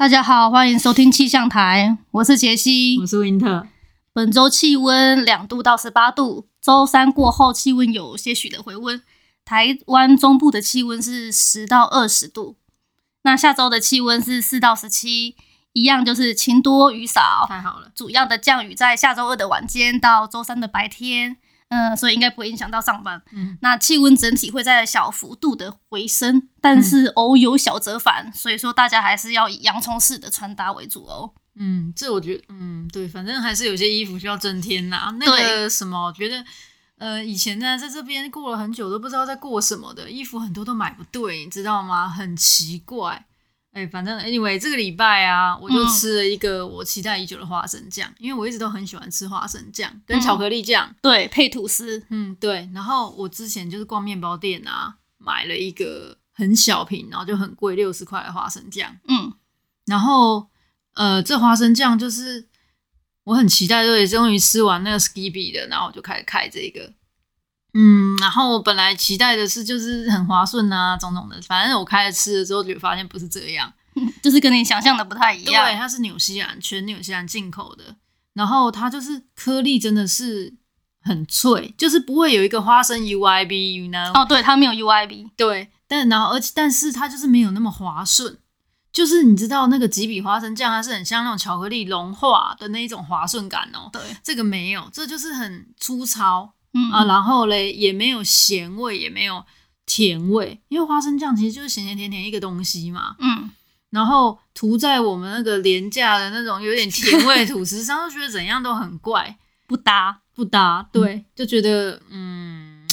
大家好，歡迎收聽氣象台，我是傑西，我是溫特。本周氣溫兩度到十八度，週三過後氣溫有些許的回溫。台灣中部的氣溫是十到二十度，那下週的氣溫是四到十七，一樣就是晴多雨少。太好了，主要的降雨在下週二的晚間到週三的白天。嗯，所以應該不會影響到上班。嗯，那氣溫整體會在小幅度的回升，嗯、但是偶有小折返，所以說大家還是要以洋蔥式的穿搭為主哦。嗯，這我覺得，嗯，對，反正還是有些衣服需要增添吶。那個什麼，對我覺得，呃，以前呢，在這邊過了很久，都不知道在過什麼的衣服，很多都買不對，你知道嗎？很奇怪。哎、欸，反正 anyway，這個禮拜啊，我就吃了一個我期待已久的花生醬，嗯、因為我一直都很喜歡吃花生醬跟巧克力醬、嗯，對，配吐司，嗯，對。然後我之前就是逛麵包店啊，買了一個很小瓶，然後就很貴，六十塊的花生醬，嗯。然後，呃，這花生醬就是我很期待，就是終於吃完那個 Skippy 的，然後我就開始開這個。嗯，然後我本來期待的是就是很滑順啊，種種的，反正我開始吃的時候就發現不是這樣， 就是跟你想象的不太一樣。對，它是紐西蘭全紐西蘭進口的，然後它就是顆粒真的是很脆，就是不會有一個花生 U I B 那種。哦，對，它沒有 U I B。對，但然後而且但是它就是沒有那麼滑順，就是你知道那個吉比花生醬，它是很像那種巧克力融化的那一種滑順感哦。對，這個沒有，這就是很粗糙。嗯，嗯啊，然後嘞也沒有鹹味，也沒有甜味，因為花生醬其實就是鹹鹹甜，甜甜一個東西嘛。嗯，然後塗在我們那個廉價的那種有點甜味的吐司上，就 覺得怎樣都很怪，不搭不搭，不搭，嗯、對，就覺得嗯，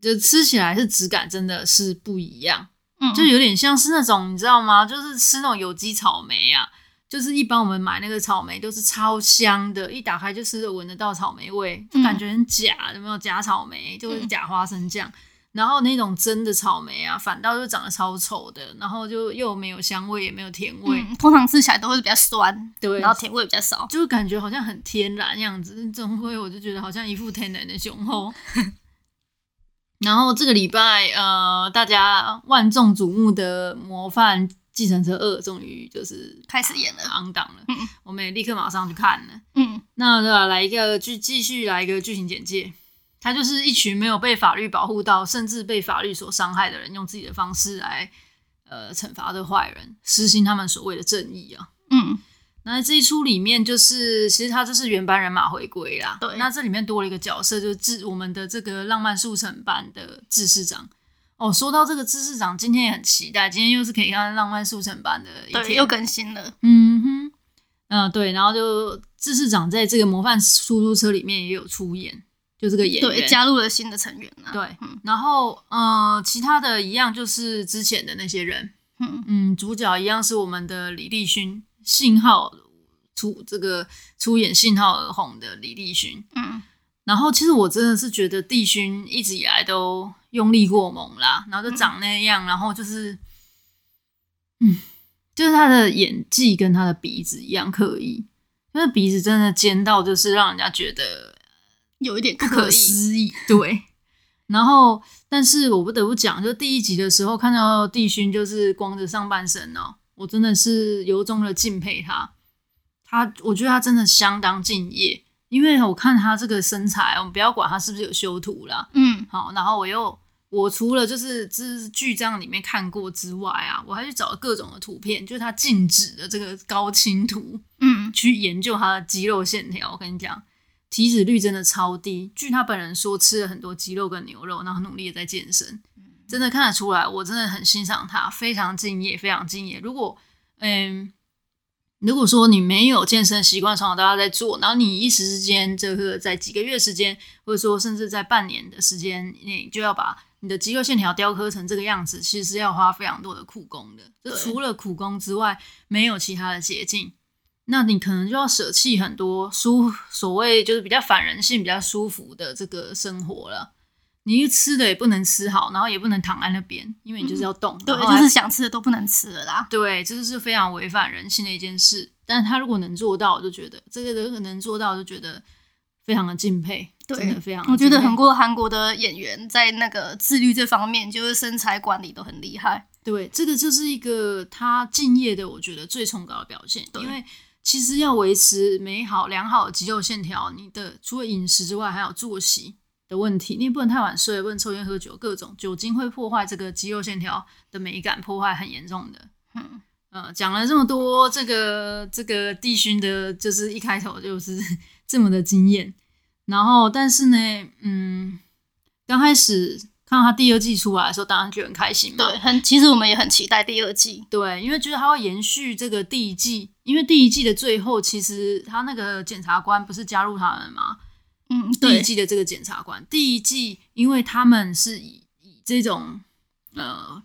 就吃起來是質感真的是不一樣，嗯，嗯，就有點像是那種你知道嗎？就是吃那種有機草莓呀、啊。就是一般我們買那個草莓都是超香的，一打開就是聞得到草莓味，就感覺很假，嗯、有沒有假草莓？就是假花生醬，嗯、然後那種真的草莓啊，反倒就長得超醜的，然後就又沒有香味，也沒有甜味，嗯、通常吃起來都會比較酸，對，對然後甜味比較少，就感覺好像很天然樣子，總會我就覺得好像一副天然的雄厚。 然後這個禮拜呃，大家萬眾矚目的模範。計程車二》終於就是開始演了，昂檔了。嗯，我們也立刻馬上去看了。嗯，那對吧？來一個劇，繼續來一個劇情簡介。它就是一群沒有被法律保護到，甚至被法律所傷害的人，用自己的方式來呃懲罰的壞人，實行他們所謂的正義啊。嗯，那這一出裡面就是其實它就是原班人馬回歸啦。對，那這裡面多了一個角色，就是志我們的這個浪漫速成班的志市長。哦，說到這個知識長，今天也很期待，今天又是可以看《浪漫速成班》的一天，對，又更新了，嗯哼，嗯、呃，對，然後就知識長在這個模範出租車裡面也有出演，就這個演員，對，加入了新的成員啊，對，嗯、然後呃，其他的一樣就是之前的那些人，嗯，嗯，主角一樣是我們的李立勳，信號出這個出演信號而紅的李立勳，嗯，然後其實我真的是覺得帝勳一直以來都用力過猛啦，然後就長那樣，嗯、然後就是，嗯，就是他的演技跟他的鼻子一樣刻意，他的鼻子真的尖到就是讓人家覺得有一點不可思議。對，然後但是我不得不講，就第一集的時候看到帝勳就是光着上半身哦，我真的是由衷的敬佩他，他我覺得他真的相當敬業。因為我看他這個身材，我們不要管他是不是有修圖了。嗯，好，然後我又我除了就是這是劇照裡面看過之外啊，我還去找各種的圖片，就是他靜止的這個高清圖，嗯，去研究他的肌肉線條。我跟你講，體脂率真的超低。據他本人說，吃了很多雞肉跟牛肉，然後努力在健身，真的看得出來。我真的很欣賞他，非常敬業，非常敬業。如果嗯。如果說你沒有健身習慣，從小到大在做，然後你一時之間，這個在幾個月時間，或者說甚至在半年的時間內，你就要把你的肌肉線條雕刻成這個樣子，其實是要花非常多的苦功的。對就除了苦功之外，沒有其他的捷徑，那你可能就要舍棄很多舒所謂就是比較反人性、比較舒服的這個生活了。你吃的也不能吃好，然後也不能躺在那邊，因為你就是要動。嗯、對，就是想吃的都不能吃了啦。對，這、就是非常違反人性的一件事。但是他如果能做到，我就覺得這個人能做到，就覺得非常的敬佩。對，真的非常。我覺得很多韓國的演員在那個自律這方面，就是身材管理都很厲害。對，這個就是一個他敬業的，我覺得最崇高的表現。對因為其實要維持美好、良好的肌肉線條，你的除了飲食之外，還有作息。的問題，你也不能太晚睡，不能抽煙喝酒，各種酒精會破壞這個肌肉線條的美感，破壞很嚴重的。嗯，呃，講了這麼多，這個，這個這個帝勳的，就是一開頭就是 這麼的驚艷。然後，但是呢，嗯，剛開始看到他第二季出來的時候，當然就很開心嘛。對，很，其實我們也很期待第二季。對，因為覺得他會延續這個第一季，因為第一季的最後，其實他那個檢察官不是加入他們嗎？第一季的這個檢察官，第一季因為他們是以以這種呃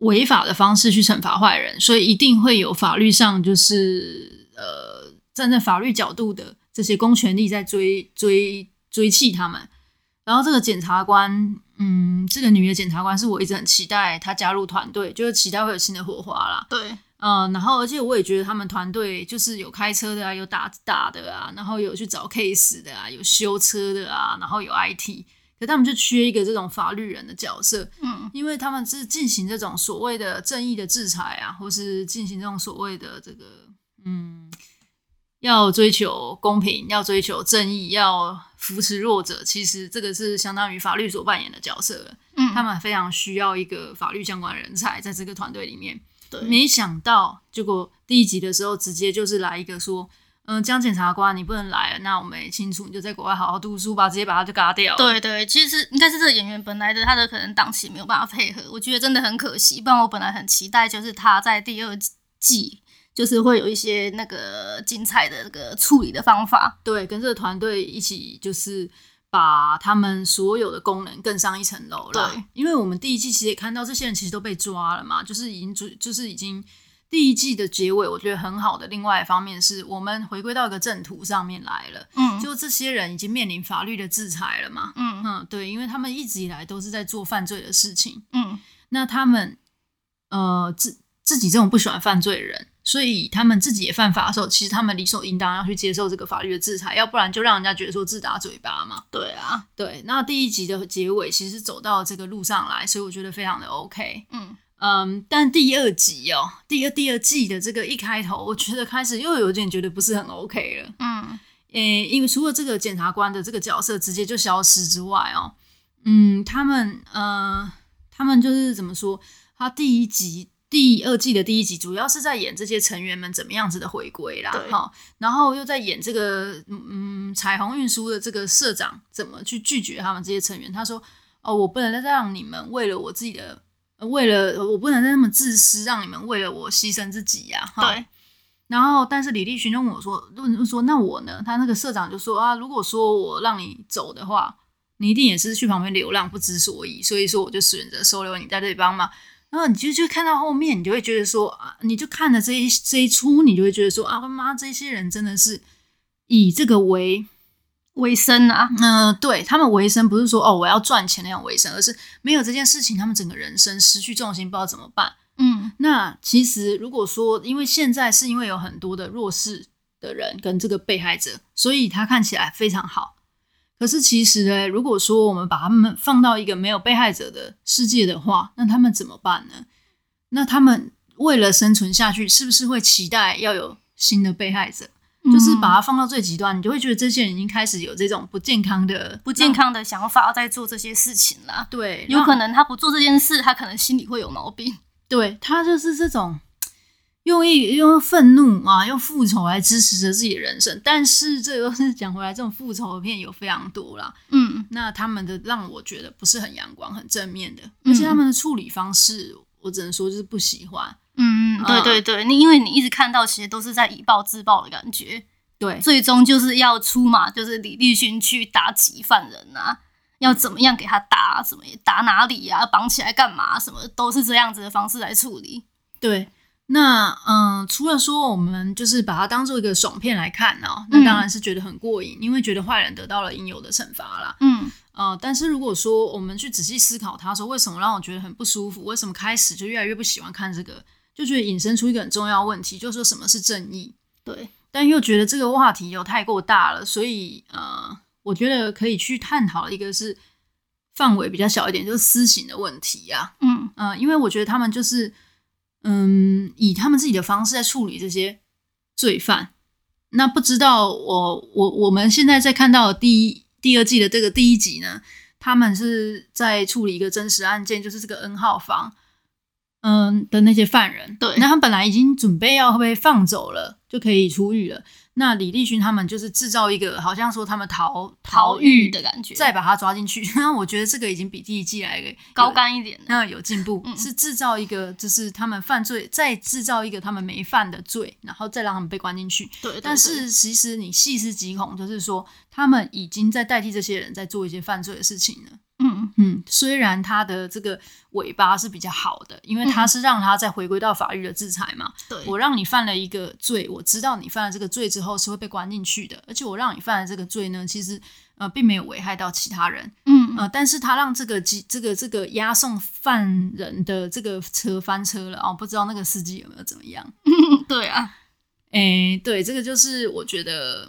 違法的方式去懲罰壞人，所以一定會有法律上，就是呃站在法律角度的這些公權力在追追追緝他們，然後這個檢察官。嗯，這個女的檢察官是我一直很期待她加入團隊，就是期待會有新的火花啦。對，嗯、呃，然後而且我也覺得他們團隊就是有開車的啊，有打打的啊，然後有去找 case 的啊，有修車的啊，然後有 IT，可他們就缺一個這種法律人的角色。嗯，因為他們是進行這種所謂的正義的制裁啊，或是進行這種所謂的這個嗯。要追求公平，要追求正義，要扶持弱者，其實這個是相當於法律所扮演的角色。嗯，他們非常需要一個法律相關人才在這個團隊裡面。對，沒想到結果第一集的時候直接就是來一個說：“嗯、呃，江檢察官，你不能來了，那我們也清楚，你就在國外好好讀書吧。”直接把他就嘎掉。對對，其實應該是這個演員本來的他的可能檔期沒有辦法配合，我覺得真的很可惜。不然我本來很期待，就是他在第二季。就是會有一些那個精彩的那個處理的方法，對，跟這個團隊一起，就是把他們所有的功能更上一層樓了。對，因為我們第一季其實也看到這些人其實都被抓了嘛，就是已經就就是已經第一季的結尾，我覺得很好的。另外一方面是我們回歸到一個正途上面來了，嗯，就這些人已經面臨法律的制裁了嘛，嗯嗯，對，因為他們一直以來都是在做犯罪的事情，嗯，那他們呃自自己這種不喜歡犯罪的人。所以他們自己也犯法的時候，其實他們理所應當要去接受這個法律的制裁，要不然就讓人家覺得說自打嘴巴嘛。對啊，對。那第一集的結尾其實走到這個路上來，所以我覺得非常的 OK。嗯嗯，um, 但第二集哦，第二第二季的這個一開頭，我覺得開始又有一點覺得不是很 OK 了。嗯，誒，uh, 因為除了這個檢察官的這個角色直接就消失之外哦，嗯,嗯，他們嗯、呃，他們就是怎麼說？他第一集。第二季的第一集主要是在演這些成員們怎麼樣子的回歸啦，哈對，然後又在演這個嗯彩虹運輸的這個社長怎麼去拒絕他們這些成員。他說哦，我不能再讓你們為了我自己的，為了我不能再那麼自私，讓你們為了我犧牲自己呀、啊。對，然後但是李立群就問我說，問說那我呢？他那個社長就說啊，如果說我讓你走的話，你一定也是去旁邊流浪不知所以，所以說我就選擇收留你在這裡幫忙。然後、呃、你就就看到後面，你就會覺得說啊，你就看了這一這一齣，你就會覺得說啊，媽，這些人真的是以這個為為生啊。嗯、呃，對他們為生不是說哦，我要賺錢那樣為生，而是沒有這件事情，他們整個人生失去重心，不知道怎麼辦。嗯，那其實如果說，因為現在是因為有很多的弱勢的人跟這個被害者，所以他看起來非常好。可是其實呢，如果說我們把他們放到一個沒有被害者的世界的話，那他們怎麼辦呢？那他們為了生存下去，是不是會期待要有新的被害者？嗯、就是把它放到最極端，你就會覺得這些人已經開始有這種不健康的、不健康的想法，在做這些事情了。對，有可能他不做這件事，他可能心裡會有毛病。對他就是這種。用一用憤怒啊，用復仇來支持着自己的人生，但是這又是講回來，這種復仇的片有非常多啦。嗯，那他們的讓我覺得不是很陽光、很正面的，嗯、而且他們的處理方式，我只能說就是不喜歡。嗯，對對對，你、啊、因為你一直看到其實都是在以暴制暴的感覺。對，最終就是要出馬，就是李立勳去打幾犯人啊，要怎麼樣給他打什麼，打哪裡呀、啊，綁起來幹嘛，什麼的都是這樣子的方式來處理。對。那嗯、呃，除了說我們就是把它當做一個爽片來看哦，那當然是覺得很過癮，嗯、因為覺得壞人得到了應有的懲罰啦。嗯呃，但是如果說我們去仔細思考，他說為什麼讓我覺得很不舒服？為什麼開始就越來越不喜歡看這個？就覺得引申出一個很重要問題，就是、說什麼是正義？對，但又覺得這個話題又太過大了，所以呃，我覺得可以去探討一個是範圍比較小一點，就是私刑的問題呀、啊。嗯呃，因為我覺得他們就是。嗯，以他們自己的方式在處理這些罪犯。那不知道我我我們現在在看到的第一第二季的這個第一集呢，他們是在處理一個真實案件，就是這個 N 號房。嗯，的那些犯人，對，那他本來已經準備要被放走了， 就可以出獄了。那李立勳他們就是製造一個好像說他們逃逃獄的感覺，再把他抓進去。那 我覺得這個已經比第一季來高干一點的，那、嗯、有進步，嗯、是製造一個就是他們犯罪，再製造一個他們沒犯的罪，然後再讓他們被關進去。對，對，對，但是其實你細思極恐，就是說他們已經在代替這些人在做一些犯罪的事情了。嗯，雖然他的這個尾巴是比較好的，因為他是讓他再回歸到法律的制裁嘛。嗯、對，我讓你犯了一個罪，我知道你犯了這個罪之後是會被關進去的，而且我讓你犯了這個罪呢，其實呃並沒有危害到其他人。嗯，呃，但是他讓這個機這個、這個、這個押送犯人的這個車翻車了啊、哦，不知道那個司機有沒有怎麼樣？ 對啊，誒、欸，對，這個就是我覺得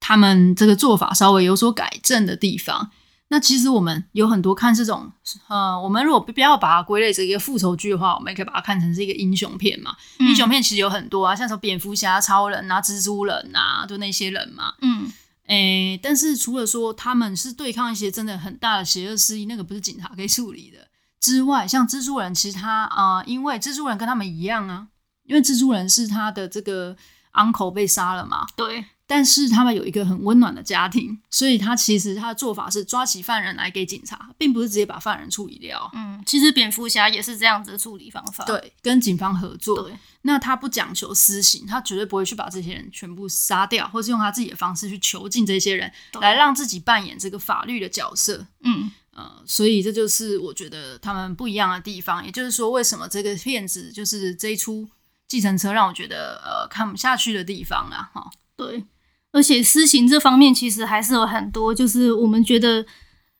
他們這個做法稍微有所改正的地方。那其實我們有很多看這種，呃，我們如果不要把它歸類成一個復仇劇的話，我們也可以把它看成是一個英雄片嘛。嗯、英雄片其實有很多啊，像什麼蝙蝠俠、超人啊、蜘蛛人啊，就那些人嘛。嗯，誒、欸，但是除了說他們是對抗一些真的很大的邪惡勢力，那個不是警察可以處理的之外，像蜘蛛人，其實他啊、呃，因為蜘蛛人跟他們一樣啊，因為蜘蛛人是他的這個 uncle 被殺了嘛。對。但是他們有一個很溫暖的家庭，所以他其實他的做法是抓起犯人來給警察，並不是直接把犯人處理掉。嗯，其實蝙蝠俠也是這樣子的處理方法，對，跟警方合作。對，那他不講求私刑，他絕對不會去把這些人全部殺掉，或是用他自己的方式去囚禁這些人，對來讓自己扮演這個法律的角色。嗯，呃，所以這就是我覺得他們不一樣的地方。也就是說，為什麼這個片子就是這一出計程車讓我覺得呃，看不下去的地方啊？哈，對。而且私刑這方面其實還是有很多，就是我們覺得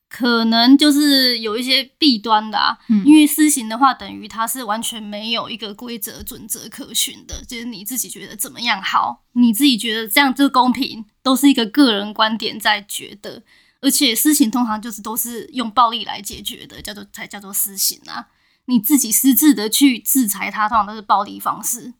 可能就是有一些弊端的啊。嗯，因為私刑的話，等於它是完全沒有一個規則準則可循的，就是你自己覺得怎麼樣好，你自己覺得這樣就公平，都是一個個人觀點在覺得。而且私刑通常就是都是用暴力來解決的，叫做才叫做私刑啊。你自己私自的去制裁他，通常都是暴力方式。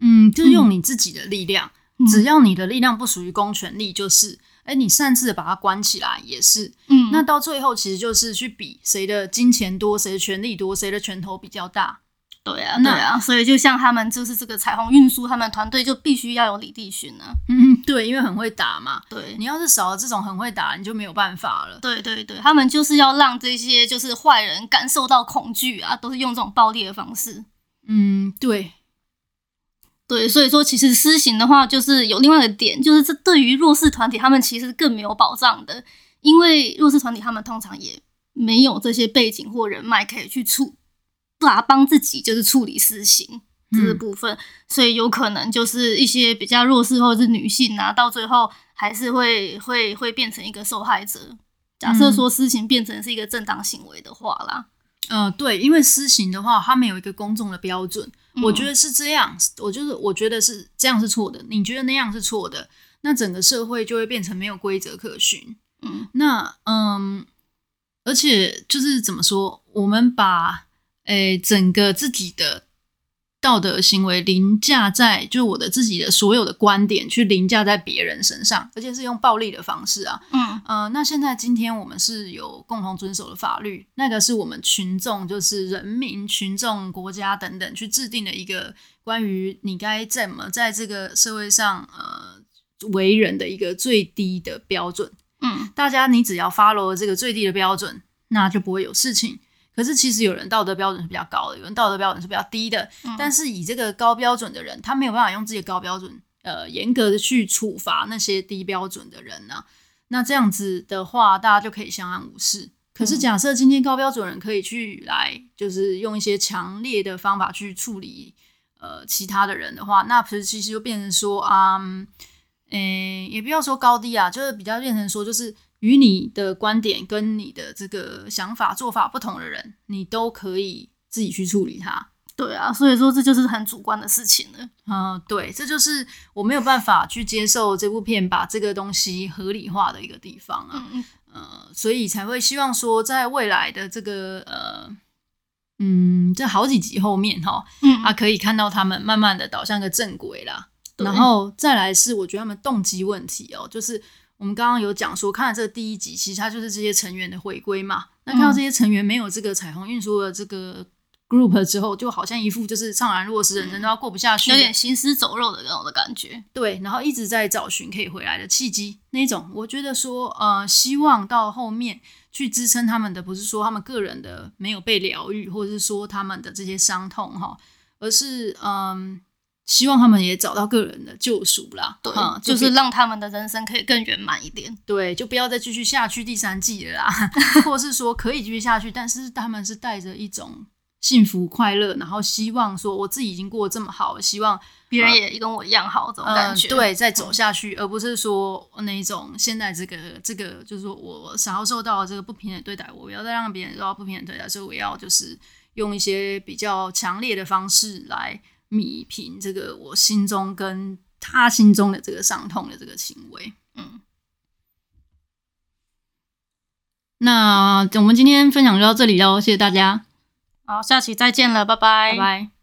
嗯，就用你自己的力量。嗯。只要你的力量不屬於公權力，就是，誒、嗯欸，你擅自的把他關起來也是，嗯，那到最後其實就是去比誰的金錢多，誰的權力多，誰的拳頭比較大。對啊，那對啊，所以就像他們，就是這個彩虹運輸，他們團隊就必須要有李立巡啊，嗯，對，因為很會打嘛，對，你要是少了這種很會打，你就沒有辦法了。對對對，他們就是要讓這些就是壞人感受到恐懼啊，都是用這種暴力的方式。嗯，對。對，所以說其實私刑的話，就是有另外一個點，就是這對於弱勢團體他們其實更沒有保障的，因為弱勢團體他們通常也沒有這些背景或人脈可以去處，啊，幫自己就是處理私刑這部分，嗯、所以有可能就是一些比較弱勢或者是女性，啊，拿到最後還是會會會變成一個受害者，假設說私刑變成是一個正當行為的話啦，嗯、呃，對，因為私刑的話，他們有一個公眾的標準。我覺得是這樣，嗯、我就是我覺得是這樣是錯的，你覺得那樣是錯的，那整個社會就會變成沒有規則可循，嗯，那嗯，而且就是怎麼說，我們把誒、欸、整個自己的道德行為凌駕在，就是我的自己的所有的觀點去凌駕在別人身上，而且是用暴力的方式啊。嗯呃，那現在今天我們是有共同遵守的法律，那個是我們群眾就是人民群眾、國家等等去制定的一個關於你該怎麼在這個社會上呃為人的一個最低的標準。嗯，大家你只要 follow 這個最低的標準，那就不會有事情。可是其實有人道德標準是比較高的，有人道德標準是比較低的。嗯、但是以這個高標準的人，他沒有辦法用自己的高標準，呃，嚴格的去處罰那些低標準的人呢、啊。那這樣子的話，大家就可以相安無事。可是假設今天高標準的人可以去來，嗯、就是用一些強烈的方法去處理，呃，其他的人的話，那其實其實就變成說，嗯，誒，也不要說高低啊，就是比較變成說就是。與你的觀點跟你的這個想法做法，不同的人，你都可以自己去處理它。對啊，所以說這就是很主觀的事情了。啊，對，這就是我沒有辦法去接受這部片把這個東西合理化的一個地方啊。嗯嗯。呃，所以才會希望說，在未來的這個呃，嗯，這好幾集後面哈，哦，嗯嗯，啊，可以看到他們慢慢的導向一個正軌啦。對。然後再來是，我覺得他們動機問題哦，就是。我們剛剛有講說，看了這第一集，其實它就是這些成員的回歸嘛。嗯、那看到這些成員沒有這個彩虹運輸的這個 group 之後，就好像一副就是悵然若失，人生都要過不下去，有點行屍走肉的那種的感覺。對，然後一直在找尋可以回來的契機那種。我覺得說，呃，希望到後面去支撐他們的，不是說他們個人的沒有被療癒，或者是說他們的這些傷痛哈，而是嗯。呃希望他們也找到個人的救贖啦，對、嗯，就是讓他們的人生可以更圓滿一點。對，就不要再繼續下去第三季了啦， 或是說可以繼續下去，但是他們是帶着一種幸福快樂，然後希望說我自己已經過得這麼好，希望別人也跟我一樣好這種感覺、啊嗯。對，再走下去，而不是說那一種現在這個這個就是說我要受到這個不平等對待，我不要再讓別人受到不平等對待，所以我要就是用一些比較強烈的方式來。彌平這個我心中跟他心中的這個傷痛的這個行為，嗯，那我們今天分享就到這裡嘍，謝謝大家，好，下期再見了，拜拜拜拜。